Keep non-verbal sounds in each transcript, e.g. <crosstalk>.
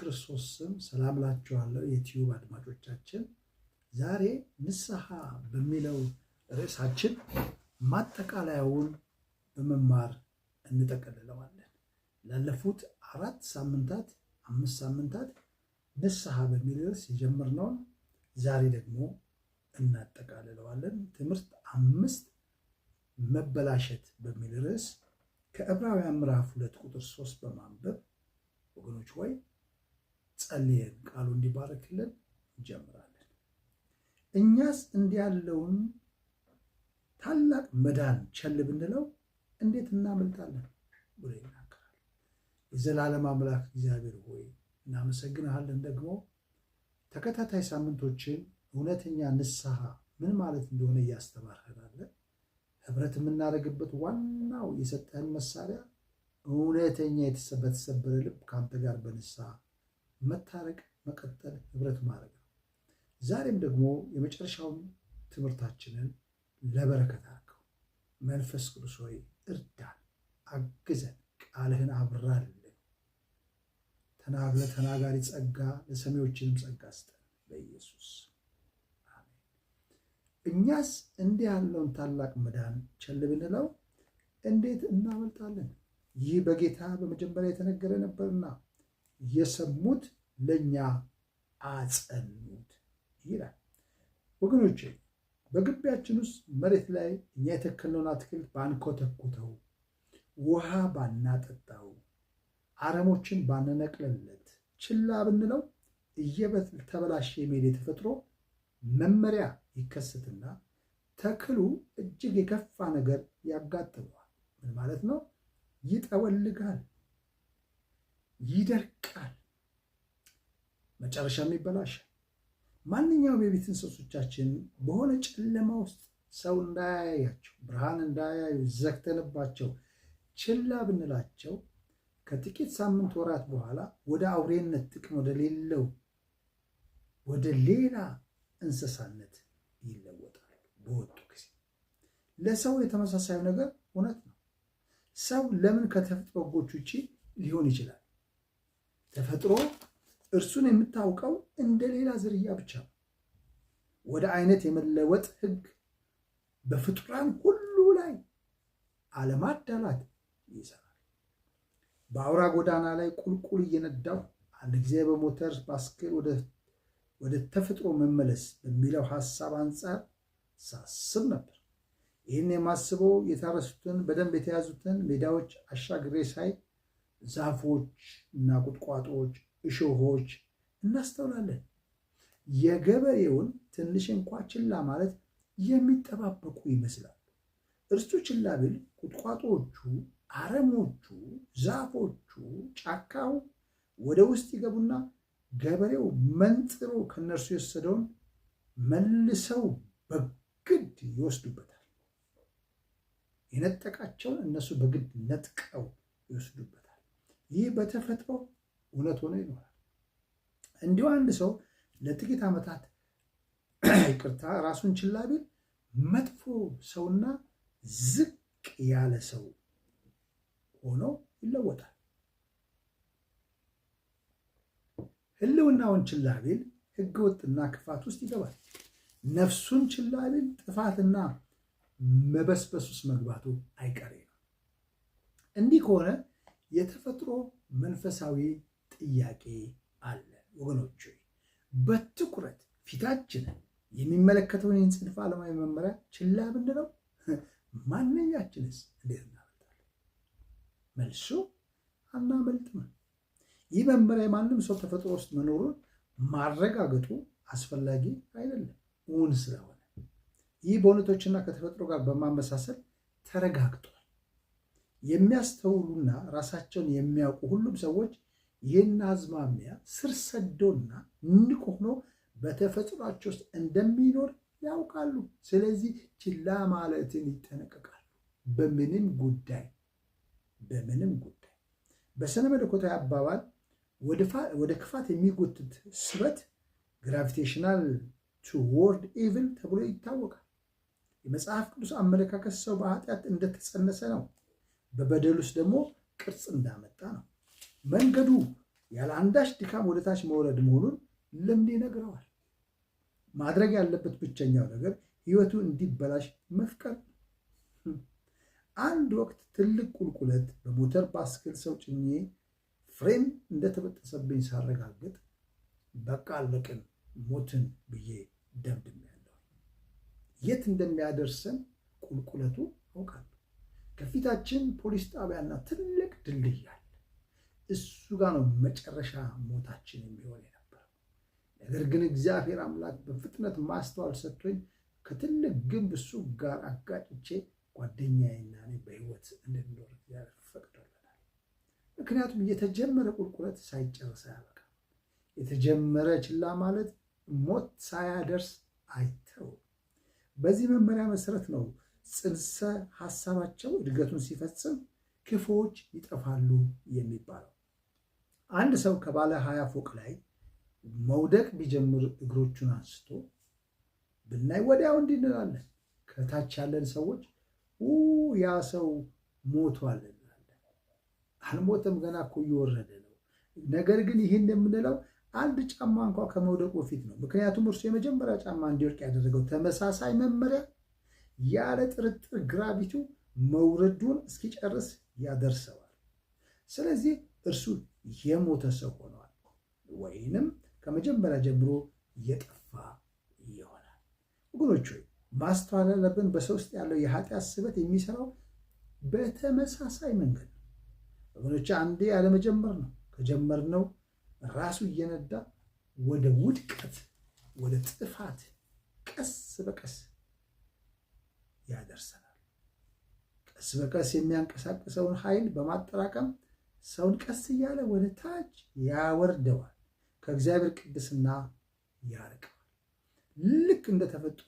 ክርስቶስ ስም ሰላም ላችኋለሁ የትዩብ አድማጮቻችን። ዛሬ ንስሐ በሚለው ርዕሳችን ማጠቃለያውን በመማር እንጠቀልለዋለን። ላለፉት አራት ሳምንታት አምስት ሳምንታት ንስሐ በሚል ርዕስ የጀመርነውን ዛሬ ደግሞ እናጠቃልለዋለን። ትምህርት አምስት መበላሸት በሚል ርዕስ ከዕብራውያን ምዕራፍ ሁለት ቁጥር ሶስት በማንበብ ወገኖች ወይ ጸልየን ቃሉ እንዲባረክልን እንጀምራለን። እኛስ እንዲያለውን ታላቅ መዳን ቸል ብንለው እንዴት እናመልጣለን ብሎ ይናገራል። የዘላለም አምላክ እግዚአብሔር ሆይ እናመሰግንሃለን። ደግሞ ተከታታይ ሳምንቶችን እውነተኛ ንስሐ ምን ማለት እንደሆነ እያስተማርህናለን። ህብረት የምናደርግበት ዋናው የሰጠህን መሳሪያ እውነተኛ የተሰበተሰበረ ልብ ከአንተ ጋር በንስሐ መታረቅ፣ መቀጠል፣ ህብረት ማድረግ ነው። ዛሬም ደግሞ የመጨረሻውን ትምህርታችንን ለበረከት አርገው። መንፈስ ቅዱስ ሆይ እርዳን፣ አግዘን፣ ቃልህን አብራልን፣ ተናግለ ተናጋሪ ጸጋ ለሰሚዎችንም ጸጋ ስጠን በኢየሱስ እኛስ እንዲህ ያለውን ታላቅ መዳን ቸል ብንለው እንዴት እናመልጣለን? ይህ በጌታ በመጀመሪያ የተነገረ ነበርና የሰሙት ለእኛ አጸኑት ይላል። ወገኖቼ በግቢያችን ውስጥ መሬት ላይ እኛ የተከልነውን አትክልት ባንኮተኩተው፣ ውሃ ባናጠጣው፣ አረሞችን ባንነቅልለት፣ ችላ ብንለው እየተበላሸ የሚሄድ የተፈጥሮ መመሪያ ይከሰትና ተክሉ እጅግ የከፋ ነገር ያጋጥመዋል። ምን ማለት ነው? ይጠወልጋል። ይደርቃል፣ መጨረሻም ይበላሻል። ማንኛውም የቤት እንስሶቻችን በሆነ ጨለማ ውስጥ ሰው እንዳያያቸው ብርሃን እንዳያዩ ዘግተንባቸው ችላ ብንላቸው ከጥቂት ሳምንት ወራት በኋላ ወደ አውሬነት ጥቅም ወደሌለው ወደ ሌላ እንስሳነት ይለወጣል። በወጡ ጊዜ ለሰው የተመሳሳዩ ነገር እውነት ነው። ሰው ለምን ከተፈጥሮ ሕጎች ውጪ ሊሆን ይችላል? ተፈጥሮ እርሱን የምታውቀው እንደ ሌላ ዝርያ ብቻ ነው። ወደ አይነት የመለወጥ ህግ በፍጡራን ሁሉ ላይ አለማዳላት ይሰራል። በአውራ ጎዳና ላይ ቁልቁል እየነዳው አንድ ጊዜ በሞተር ባስክል ወደ ተፈጥሮ መመለስ በሚለው ሀሳብ አንጻር ሳስብ ነበር። ይህን የማስበው የታረሱትን በደንብ የተያዙትን ሜዳዎች አሻግሬ ሳይ ዛፎች እና ቁጥቋጦዎች፣ እሾሆች እናስተውላለን። የገበሬውን ትንሽ እንኳ ችላ ማለት የሚጠባበቁ ይመስላል። እርሱ ችላ ቢል ቁጥቋጦዎቹ፣ አረሞቹ፣ ዛፎቹ፣ ጫካው ወደ ውስጥ ይገቡና ገበሬው መንጥሮ ከነርሱ የወሰደውን መልሰው በግድ ይወስዱበታል። የነጠቃቸውን እነሱ በግድ ነጥቀው ይወስዱበታል። ይህ በተፈጥሮ እውነት ሆኖ ይኖራል። እንዲሁ አንድ ሰው ለጥቂት ዓመታት <clears throat> ይቅርታ ራሱን ችላ ቢል መጥፎ ሰውና ዝቅ ያለ ሰው ሆኖ ይለወጣል። ህልውናውን ችላ ቢል ሕገወጥና ክፋት ውስጥ ይገባል። ነፍሱን ችላ ቢል ጥፋትና መበስበስ ውስጥ መግባቱ አይቀሬ ነው። እንዲህ ከሆነ የተፈጥሮ መንፈሳዊ ጥያቄ አለ። ወገኖች በትኩረት ፊታችንን የሚመለከተውን ይህን ጽንፈ ዓለማዊ መመሪያ ችላ ብንለው ማንኛችንስ እንዴት እናመልጣለን? መልሱ አናመልጥም። ይህ መመሪያ የማንም ሰው ተፈጥሮ ውስጥ መኖሩን ማረጋገጡ አስፈላጊ አይደለም እውን ስለሆነ ይህ በእውነቶችና ከተፈጥሮ ጋር በማመሳሰል ተረጋግጧል። የሚያስተውሉና ራሳቸውን የሚያውቁ ሁሉም ሰዎች ይህን አዝማሚያ ስር ሰዶና ንቁ ሆኖ በተፈጥሯቸው ውስጥ እንደሚኖር ያውቃሉ። ስለዚህ ችላ ማለትን ይጠነቀቃሉ። በምንም ጉዳይ በምንም ጉዳይ በስነ መለኮታዊ አባባል ወደ ክፋት የሚጎትት ስበት ግራቪቴሽናል ቱዎርድ ኢቭል ተብሎ ይታወቃል። የመጽሐፍ ቅዱስ አመለካከት ሰው በኃጢአት እንደተጸነሰ ነው። በበደል ውስጥ ደግሞ ቅርጽ እንዳመጣ ነው። መንገዱ ያለ አንዳች ድካም ወደታች መውረድ መሆኑን ልምድ ይነግረዋል። ማድረግ ያለበት ብቸኛው ነገር ህይወቱ እንዲበላሽ መፍቀር። አንድ ወቅት ትልቅ ቁልቁለት በሞተር ባስክል ሰው ጭኜ ፍሬም እንደተበጠሰብኝ ሳረጋግጥ በቃ አለቅን ሞትን ብዬ ያለው የት እንደሚያደርሰን ቁልቁለቱ አውቃለሁ። ከፊታችን ፖሊስ ጣቢያና ትልቅ ድልድይ አለ። እሱ ጋር ነው መጨረሻ ሞታችን የሚሆን የነበረው። ነገር ግን እግዚአብሔር አምላክ በፍጥነት ማስተዋል ሰጥቶኝ ከትልቅ ግንብ እሱ ጋር አጋጭቼ ጓደኛዬና እኔ በህይወት እንድንኖር እግዚአብሔር ፈቅዶልናል። ምክንያቱም የተጀመረ ቁልቁለት ሳይጨርስ አያበቃም። የተጀመረ ችላ ማለት ሞት ሳያደርስ አይተውም። በዚህ መመሪያ መሰረት ነው ጽንሰ ሀሳባቸው እድገቱን ሲፈጽም ክፉዎች ይጠፋሉ የሚባለው አንድ ሰው ከባለ ሀያ ፎቅ ላይ መውደቅ ቢጀምር እግሮቹን አንስቶ ብናይ ወዲያው እንድንላለን። ከታች ያለን ሰዎች ያ ሰው ሞቷል እንላለን። አልሞተም፣ ገና እኮ እየወረደ ነው። ነገር ግን ይህን የምንለው አንድ ጫማ እንኳ ከመውደቁ በፊት ነው። ምክንያቱም እርሱ የመጀመሪያ ጫማ እንዲወድቅ ያደረገው ተመሳሳይ መመሪያ ያለ ጥርጥር ግራቪቲው መውረዱን እስኪጨርስ ያደርሰዋል። ስለዚህ እርሱ የሞተ ሰው ሆኗል፣ ወይንም ከመጀመሪያ ጀምሮ የጠፋ ይሆናል። ወገኖች ሆይ ማስተዋል ያለብን በሰው ውስጥ ያለው የኃጢአት ስበት የሚሰራው በተመሳሳይ መንገድ ነው። ወገኖች አንዴ ያለመጀመር ነው። ከጀመርነው ራሱ እየነዳ ወደ ውድቀት ወደ ጥፋት ቀስ በቀስ ያደርሰናል። ቀስ በቀስ የሚያንቀሳቅሰውን ኃይል በማጠራቀም ሰውን ቀስ እያለ ወደ ታች ያወርደዋል፣ ከእግዚአብሔር ቅድስና ያርቀዋል። ልክ እንደ ተፈጥሮ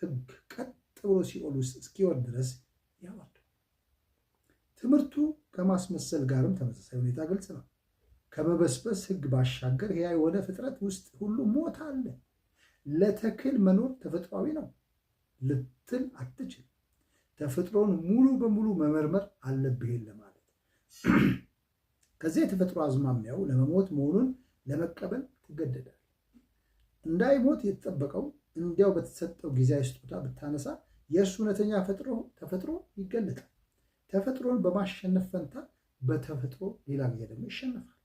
ሕግ ቀጥ ብሎ ሲኦል ውስጥ እስኪወርድ ድረስ ያወርደዋል። ትምህርቱ ከማስመሰል ጋርም ተመሳሳይ ሁኔታ ግልጽ ነው። ከመበስበስ ሕግ ባሻገር ሕያው የሆነ ፍጥረት ውስጥ ሁሉ ሞት አለ። ለተክል መኖር ተፈጥሯዊ ነው። ልትል አትችል። ተፈጥሮን ሙሉ በሙሉ መመርመር አለብህ ለማለት ከዚያ የተፈጥሮ አዝማሚያው ለመሞት መሆኑን ለመቀበል ትገደዳል። እንዳይሞት የተጠበቀው እንዲያው በተሰጠው ጊዜያዊ ስጦታ ብታነሳ የእርሱ እውነተኛ ተፈጥሮ ይገለጣል። ተፈጥሮን በማሸነፍ ፈንታ በተፈጥሮ ሌላ ጊዜ ደግሞ ይሸነፋል።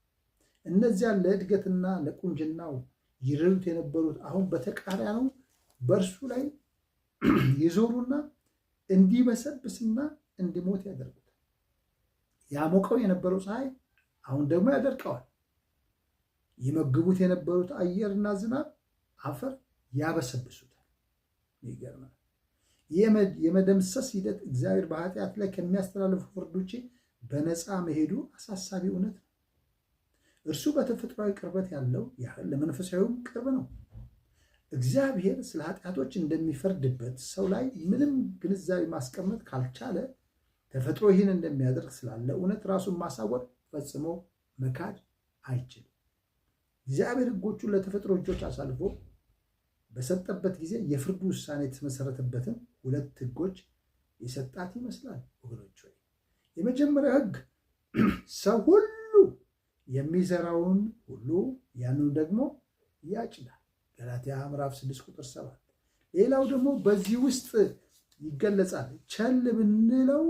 እነዚያን ለእድገትና ለቁንጅናው ይረዱት የነበሩት አሁን በተቃራኒው በእርሱ ላይ <clears throat> ይዞሩና እንዲበሰብስና እንዲሞት ያደርጉታል። ያሞቀው የነበረው ፀሐይ አሁን ደግሞ ያደርቀዋል። ይመግቡት የነበሩት አየርና ዝናብ፣ አፈር ያበሰብሱታል። ይገርማል። የመደምሰስ ሂደት እግዚአብሔር በኃጢአት ላይ ከሚያስተላልፉ ፍርድ በነፃ መሄዱ አሳሳቢ እውነት ነው። እርሱ በተፈጥሯዊ ቅርበት ያለው ያህል ለመንፈሳዊም ቅርብ ነው። እግዚአብሔር ስለ ኃጢአቶች እንደሚፈርድበት ሰው ላይ ምንም ግንዛቤ ማስቀመጥ ካልቻለ ተፈጥሮ ይህን እንደሚያደርግ ስላለ እውነት ራሱን ማሳወቅ ፈጽሞ መካድ አይችልም። እግዚአብሔር ሕጎቹን ለተፈጥሮ እጆች አሳልፎ በሰጠበት ጊዜ የፍርዱ ውሳኔ የተመሰረተበትን ሁለት ሕጎች የሰጣት ይመስላል። ወገኖች ሆይ የመጀመሪያው ሕግ <clears throat> ሰው ሁሉ የሚዘራውን ሁሉ ያንኑ ደግሞ ያጭዳል። ገላትያ ምዕራፍ 6 ቁጥር 7። ሌላው ደግሞ በዚህ ውስጥ ይገለጻል። ቸል ብንለው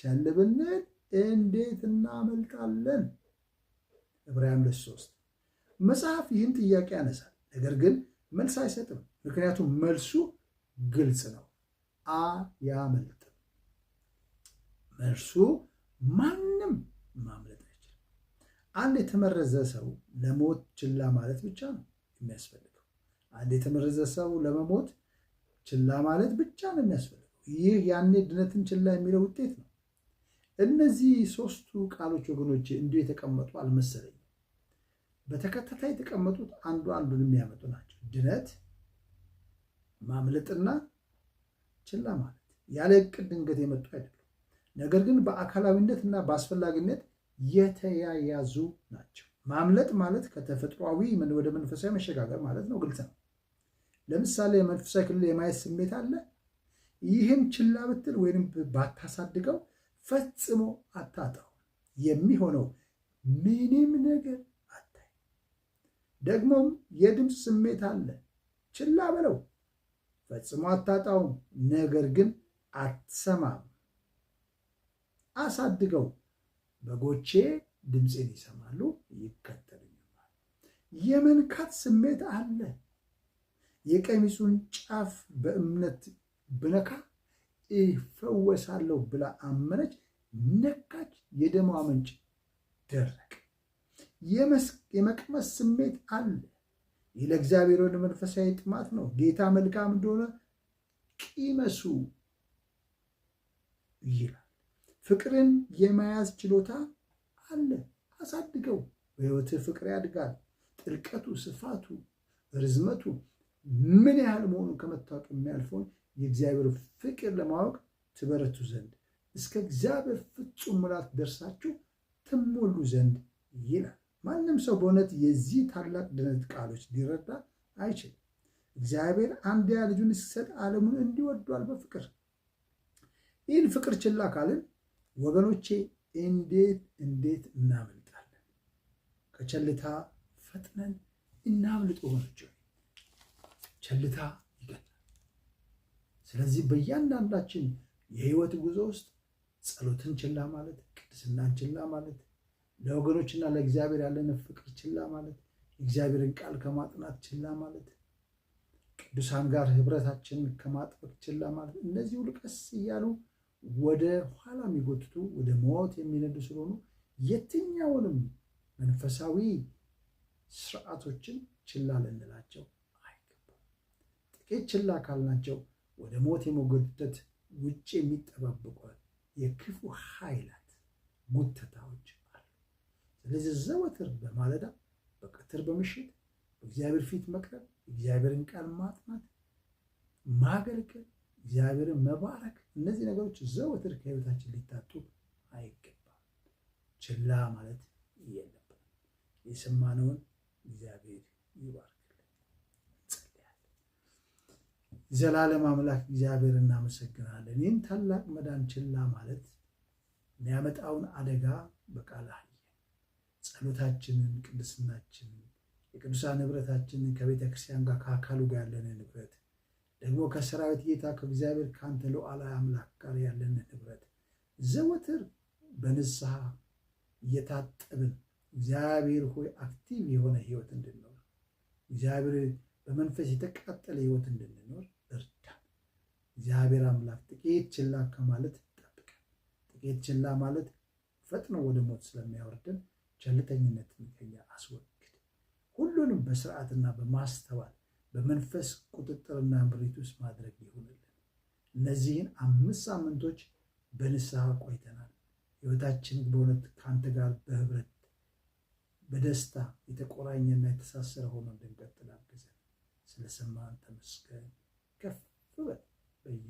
ቸል ብንል እንዴት እናመልጣለን? ዕብራውያን 3 መጽሐፍ ይህን ጥያቄ ያነሳል፣ ነገር ግን መልስ አይሰጥም። ምክንያቱም መልሱ ግልጽ ነው፣ አያመልጥም። መልሱ ማንም ማምለጥ አይችልም። አንድ የተመረዘ ሰው ለሞት ችላ ማለት ብቻ ነው የሚያስፈልግ አንድ የተመረዘ ሰው ለመሞት ችላ ማለት ብቻ ነው የሚያስፈልገው። ይህ ያኔ ድነትን ችላ የሚለው ውጤት ነው። እነዚህ ሶስቱ ቃሎች ወገኖች እንዲሁ የተቀመጡ አልመሰለኝም። በተከታታይ የተቀመጡት አንዱ አንዱን የሚያመጡ ናቸው። ድነት፣ ማምለጥና ችላ ማለት ያለ እቅድ ድንገት የመጡ አይደሉም። ነገር ግን በአካላዊነት እና በአስፈላጊነት የተያያዙ ናቸው። ማምለጥ ማለት ከተፈጥሯዊ ወደ መንፈሳዊ መሸጋገር ማለት ነው። ግልጽ ነው። ለምሳሌ መንፈሳዊ ክልል የማየት ስሜት አለ። ይህን ችላ ብትል ወይም ባታሳድገው ፈጽሞ አታጣው። የሚሆነው ምንም ነገር አታይ። ደግሞም የድምፅ ስሜት አለ። ችላ በለው፣ ፈጽሞ አታጣውም። ነገር ግን አትሰማም። አሳድገው። በጎቼ ድምፄን ይሰማሉ ይከተሉኛል። የመንካት ስሜት አለ። የቀሚሱን ጫፍ በእምነት ብነካ እፈወሳለሁ ብላ አመነች። ነካች፣ የደማዋ ምንጭ ደረቅ። የመቅመስ ስሜት አለ። ይህ ለእግዚአብሔር ወደ መንፈሳዊ ጥማት ነው። ጌታ መልካም እንደሆነ ቂመሱ ይላል። ፍቅርን የመያዝ ችሎታ አለ። አሳድገው። በሕይወትህ ፍቅር ያድጋል። ጥልቀቱ፣ ስፋቱ፣ ርዝመቱ ምን ያህል መሆኑን ከመታወቅ የሚያልፈውን የእግዚአብሔር ፍቅር ለማወቅ ትበረቱ ዘንድ እስከ እግዚአብሔር ፍጹም ሙላት ደርሳችሁ ትሞሉ ዘንድ ይላል። ማንም ሰው በእውነት የዚህ ታላቅ ድነት ቃሎች ሊረዳ አይችልም። እግዚአብሔር አንድያ ልጁን ሲሰጥ ዓለሙን እንዲወዷል በፍቅር ይህን ፍቅር ችላ ካልን ወገኖቼ እንዴት እንዴት እናመልጣለን? ከቸልታ ፈጥነን እናምልጥ ሆኖች ቸልታ ይገል ስለዚህ በእያንዳንዳችን የህይወት ጉዞ ውስጥ ጸሎትን ችላ ማለት፣ ቅድስናን ችላ ማለት፣ ለወገኖችና ለእግዚአብሔር ያለን ፍቅር ችላ ማለት፣ የእግዚአብሔርን ቃል ከማጥናት ችላ ማለት፣ ቅዱሳን ጋር ህብረታችንን ከማጥበቅ ችላ ማለት፣ እነዚህ ሁሉ ቀስ እያሉ ወደ ኋላ የሚጎትቱ ወደ ሞት የሚነዱ ስለሆኑ የትኛውንም መንፈሳዊ ስርዓቶችን ችላ ልንላቸው የችላ አካል ናቸው። ወደ ሞት የመጎተት ውጭ የሚጠባበቋል የክፉ ኃይላት ጉተታዎች አሉ። ስለዚህ ዘወትር በማለዳ በቀትር በምሽት በእግዚአብሔር ፊት መቅረብ፣ እግዚአብሔርን ቃል ማጥናት፣ ማገልገል፣ እግዚአብሔርን መባረክ፣ እነዚህ ነገሮች ዘወትር ከህይወታችን ሊታጡ አይገባም። ችላ ማለት የለብንም። የሰማነውን እግዚአብሔር ይባርክ። ዘላለም አምላክ እግዚአብሔር እናመሰግናለን። ይህን ታላቅ መዳን ችላ ማለት የሚያመጣውን አደጋ በቃል አየን። ጸሎታችንን፣ ቅድስናችንን፣ የቅዱሳን ንብረታችንን ከቤተ ክርስቲያን ጋር ከአካሉ ጋር ያለን ንብረት ደግሞ ከሰራዊት ጌታ ከእግዚአብሔር ከአንተ ሉዓላዊ አምላክ ጋር ያለን ንብረት ዘወትር በንስሐ እየታጠብን እግዚአብሔር ሆይ አክቲቭ የሆነ ህይወት እንድንኖር እግዚአብሔር በመንፈስ የተቃጠለ ህይወት እንድንኖር እግዚአብሔር አምላክ ጥቂት ችላ ከማለት ይጠብቀን። ጥቂት ችላ ማለት ፈጥኖ ወደ ሞት ስለሚያወርድን ቸልተኝነትን ከኛ አስወግድ። ሁሉንም በስርዓትና በማስተዋል በመንፈስ ቁጥጥርና ምሪት ውስጥ ማድረግ ይሁንልን። እነዚህን አምስት ሳምንቶች በንስሐ ቆይተናል። ህይወታችን በእውነት ከአንተ ጋር በህብረት በደስታ የተቆራኘና የተሳሰረ ሆኖ እንድንቀጥል አግዘን። ስለሰማን ተመስገን። ከፍ በል є.